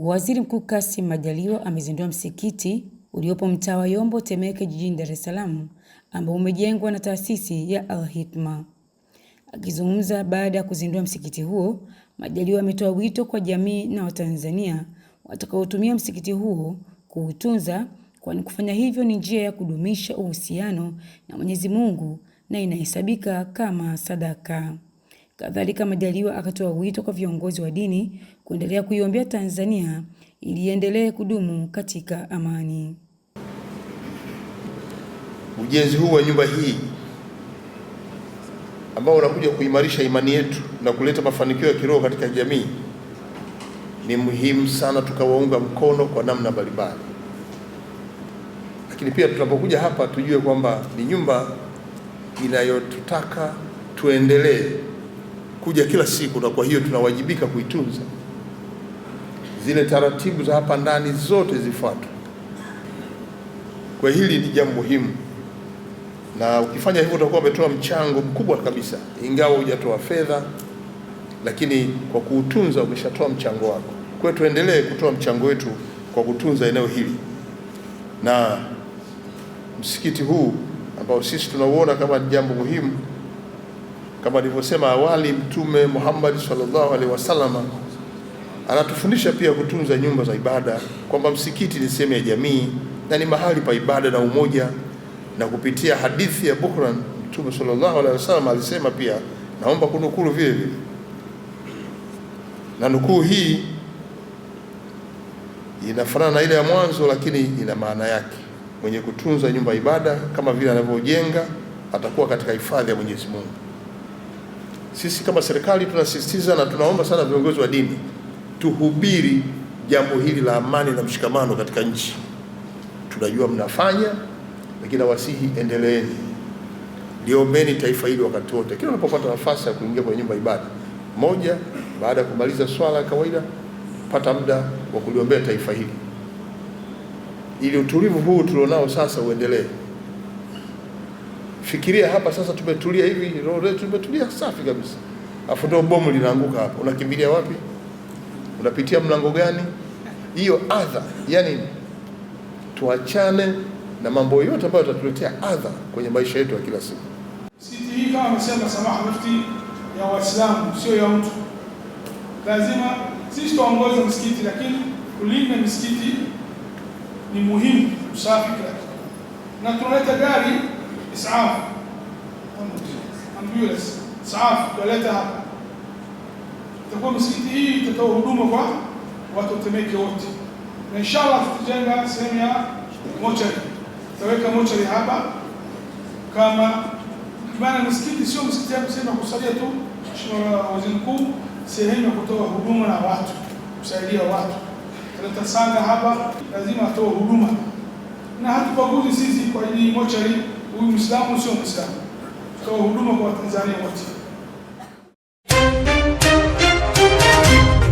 Waziri Mkuu Kassim Majaliwa amezindua msikiti uliopo mtaa wa Yombo Temeke jijini Dar es Salaam ambao umejengwa na taasisi ya Al-Hikma. Akizungumza baada ya kuzindua msikiti huo, Majaliwa ametoa wito kwa jamii na Watanzania watakaotumia msikiti huo kuutunza, kwani kufanya hivyo ni njia ya kudumisha uhusiano na Mwenyezi Mungu na inahesabika kama sadaka. Kadhalika, Majaliwa akatoa wito kwa viongozi wa dini kuendelea kuiombea Tanzania ili iendelee kudumu katika amani. Ujenzi huu wa nyumba hii ambao unakuja kuimarisha imani yetu na kuleta mafanikio ya kiroho katika jamii ni muhimu sana, tukawaunga mkono kwa namna mbalimbali, lakini pia tunapokuja hapa tujue kwamba ni nyumba inayotutaka tuendelee kuja kila siku, na kwa hiyo tunawajibika kuitunza. Zile taratibu za hapa ndani zote zifuatwe. Kwa hili ni jambo muhimu, na ukifanya hivyo utakuwa umetoa mchango mkubwa kabisa, ingawa hujatoa fedha, lakini kwa kuutunza umeshatoa mchango wako. Kwa hiyo tuendelee kutoa mchango wetu kwa kutunza eneo hili na msikiti huu ambao sisi tunauona kama jambo muhimu. Kama alivyosema awali, Mtume Muhammad sallallahu alaihi wasallam anatufundisha pia kutunza nyumba za ibada, kwamba msikiti ni sehemu ya jamii na ni mahali pa ibada na umoja. Na kupitia hadithi ya Bukhari, Mtume sallallahu alaihi wasallam alisema pia, naomba kunukuru vile vile na nukuu hii inafanana na ile ya mwanzo, lakini ina maana yake. Mwenye kutunza nyumba ibada kama vile anavyojenga atakuwa katika hifadhi ya Mwenyezi Mungu sisi kama serikali tunasisitiza na tunaomba sana viongozi wa dini tuhubiri jambo hili la amani na mshikamano katika nchi. Tunajua mnafanya, lakini nawasihi endeleeni, liombeni taifa hili wakati wote, kila unapopata nafasi ya kuingia kwenye nyumba ibada moja, baada ya kumaliza swala ya kawaida, pata muda wa kuliombea taifa hili ili utulivu huu tulionao sasa uendelee. Fikiria hapa sasa, tumetulia hivi, roho letu tumetulia safi kabisa, afu ndio bomu linaanguka hapa, unakimbilia wapi? Unapitia mlango gani? Hiyo adha, yani tuachane na mambo yote ambayo yatatuletea adha kwenye maisha yetu ya kila siku. Msikiti hii kama amesema Samaha Mufti, ya Waislamu sio ya mtu. Lazima sisi tuongoze msikiti, lakini kulinda msikiti ni muhimu, usafi na tunaleta gari Isaafu ambulance Isaafu tualeta hapa, itakuwa msikiti hii itatoa huduma kwa watu Temeke wote, na inshallah tutajenga sehemu ya mochari, tutaweka mochari hapa kama maana msikiti sio msikiti kusema kusalia tu, Mheshimiwa Waziri Mkuu, sehemu ya kutoa huduma na watu kusaidia watu. Taleta sanga hapa lazima atoe huduma, na hatubaguzi sisi kwa ajili mochari huyu Muislamu sio Muislamu. Kwa huduma kwa Watanzania wote.